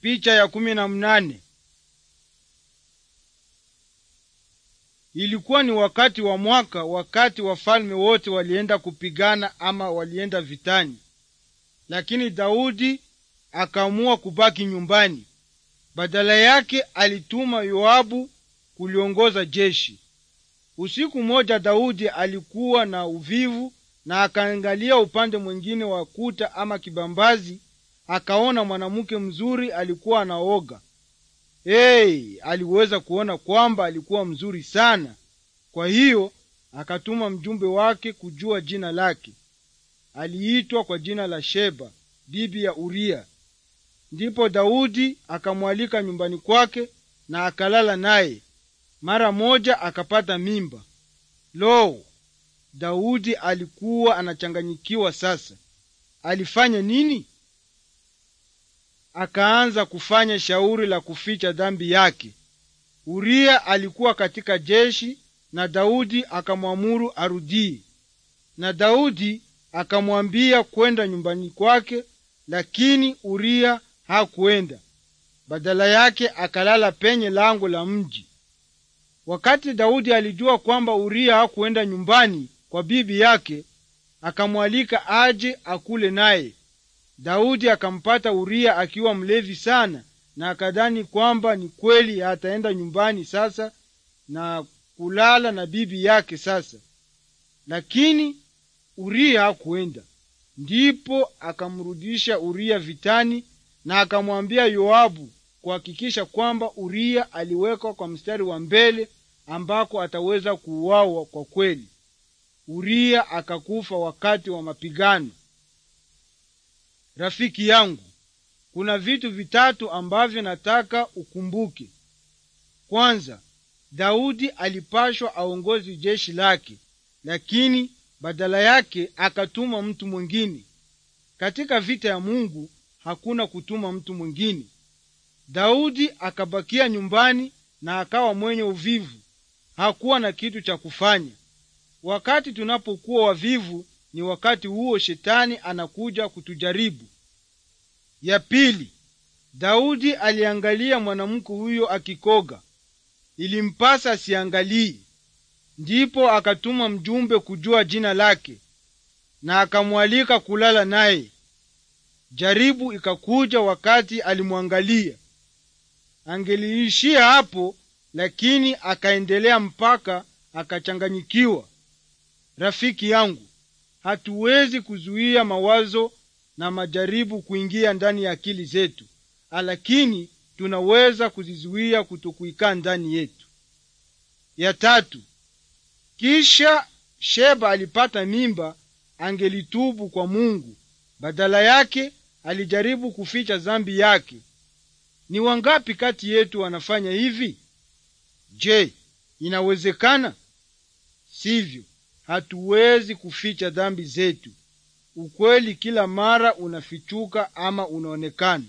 Picha ya kumi na mnane. Ilikuwa ni wakati wa mwaka, wakati wafalme wote walienda kupigana ama walienda vitani, lakini Daudi akaamua kubaki nyumbani. Badala yake alituma Yoabu kuliongoza jeshi. Usiku mmoja, Daudi alikuwa na uvivu na akaangalia upande mwingine wa kuta ama kibambazi akaona mwanamke mzuri alikuwa anaoga. Hey, aliweza kuona kwamba alikuwa mzuri sana. Kwa hiyo akatuma mjumbe wake kujua jina lake. Aliitwa kwa jina la Sheba, bibi ya Uria. Ndipo Daudi akamwalika nyumbani kwake na akalala naye. Mara moja akapata mimba. Lo, Daudi alikuwa anachanganyikiwa sasa. Alifanya nini? akaanza kufanya shauri la kuficha dhambi yake. Uria alikuwa katika jeshi na Daudi akamwamuru arudii, na Daudi akamwambia kwenda nyumbani kwake, lakini Uria hakuenda. Badala yake akalala penye lango la mji. Wakati Daudi alijua kwamba Uria hakuenda nyumbani kwa bibi yake, akamwalika aje akule naye, Daudi akampata Uria akiwa mlevi sana, na akadhani kwamba ni kweli ataenda nyumbani sasa na kulala na bibi yake sasa, lakini Uria hakuenda. Ndipo akamrudisha Uria vitani na akamwambia Yoabu kuhakikisha kwamba Uria aliwekwa kwa mstari wa mbele ambako ataweza kuuawa kwa kweli. Uria akakufa wakati wa mapigano rafiki yangu, kuna vitu vitatu ambavyo nataka ukumbuke. Kwanza, Daudi alipashwa aongozi jeshi lake, lakini badala yake akatuma mtu mwingine. Katika vita ya Mungu hakuna kutuma mtu mwingine. Daudi akabakia nyumbani na akawa mwenye uvivu, hakuwa na kitu cha kufanya. Wakati tunapokuwa wavivu, ni wakati huo shetani anakuja kutujaribu ya pili daudi aliangalia mwanamke huyo akikoga ilimpasa asiangalie ndipo akatuma mjumbe kujua jina lake na akamwalika kulala naye jaribu ikakuja wakati alimwangalia angeliishia hapo lakini akaendelea mpaka akachanganyikiwa rafiki yangu Hatuwezi kuzuia mawazo na majaribu kuingia ndani ya akili zetu, lakini tunaweza kuzizuia kutokuikaa ndani yetu. Ya tatu, kisha Sheba alipata mimba, angelitubu kwa Mungu. Badala yake alijaribu kuficha zambi yake. Ni wangapi kati yetu wanafanya hivi? Je, inawezekana? Sivyo hatuwezi kuficha dhambi zetu. Ukweli kila mara unafichuka ama unaonekana.